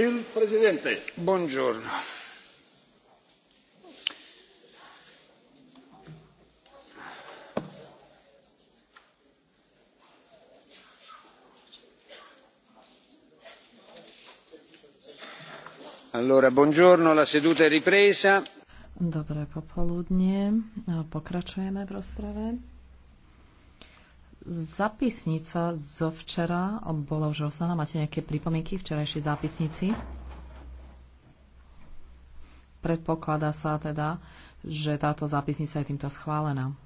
il presidente. Buongiorno. Allora, buongiorno, la seduta è ripresa. Dobré popoludnie. Pokračujeme v rozprave. Zapisnica zo včera bola už rozdaná. Máte nejaké pripomienky včerajšej zápisnici? Predpokladá sa teda, že táto zápisnica je týmto schválená.